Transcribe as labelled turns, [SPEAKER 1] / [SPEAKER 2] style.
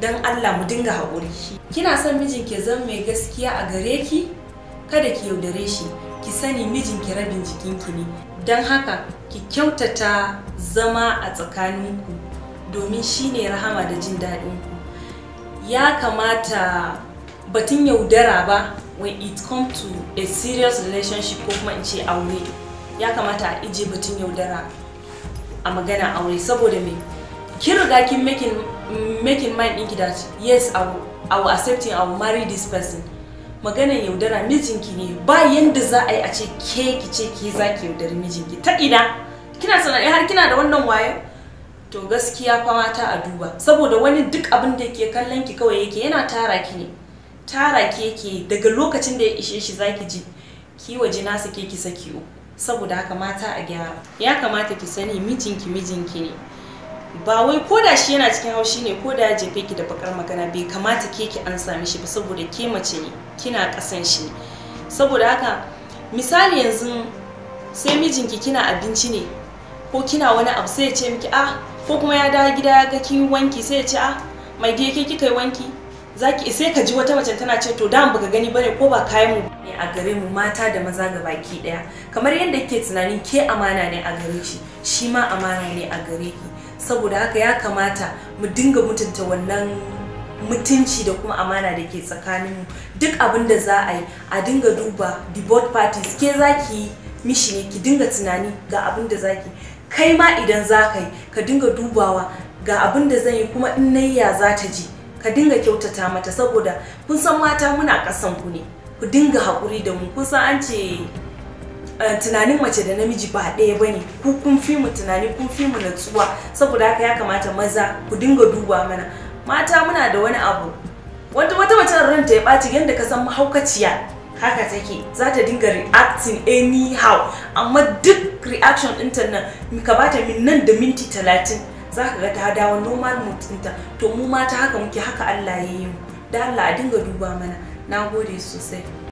[SPEAKER 1] don Allah mu dinga haƙuri kina son mijin ke zama mai gaskiya a gare ki kada ki yaudare shi ki sani mijin ki rabin jikin ki ne don haka ki kyautata zama a tsakanin tsakaninku domin ne rahama da jin daɗin ku ya kamata batun yaudara ba when it come to a serious relationship ko kuma in ce aure ya kamata a ije batun yaudara a magana aure saboda me kin riga kin making making mind ɗinki da yes I will, I will accept him I will marry this person maganan yaudara mijinki ne ba yanda za a yi a ce ke ki ce ki za ki yaudari mijinki ta ina kina sana har kina da wannan wayo to gaskiya fa mata a duba saboda wani duk abin da yake kallon ki kawai yake yana tara ki ne tara ki yake daga lokacin da ya ishe shi ki ji ki waje nasa ke ki saki uku saboda haka mata a gyara ya kamata ki sani mijinki mijinki ne ba wai ko da shi yana cikin haushi ne ko da ya jefe ki da bakar magana bai kamata ke ki an sami shi ba saboda ke mace ne kina kasan shi ne saboda haka misali yanzu sai mijinki kina abinci ne ko kina wani abu sai ya ce miki ah ko kuma ya dawo gida ya ga kin wanki sai ya ce ah mai ke kika yi wanki zaki sai ka ji wata mace tana ce to da baka gani bane ko ba kayan mu ne a gare mu mata da maza ga baki daya kamar yadda kike tunanin ke amana ne a gare shi shi ma amana ne a gare ki saboda haka ya kamata mu dinga mutunta wannan mutunci da kuma amana da ke tsakanin mu duk abin da za a yi a dinga duba the both parties ke zaki yi mishi ne ki dinga tunani ga abin da zaki kai ma idan za ka yi ka dinga dubawa ga abin da zan yi kuma in nayya za ta ji ka dinga kyautata mata saboda kun san mata muna kasan ku ne ku dinga haƙuri da mu kun san an ce eh, tunanin mace da namiji ba ɗaya ba ne ku kun fi mu tunani kun fi mu natsuwa saboda haka ya kamata maza ku dinga duba mana mata muna da wani abu wata wata mace ranta ya ɓaci yadda ka san mahaukaciya haka take za ta dinga reacting anyhow amma duk reaction ɗinta nan ka bata min nan da minti talatin za ka ga ta dawo normal mood ɗinta to mu mata haka muke haka Allah ya yi mu da Allah a dinga duba mana na gode sosai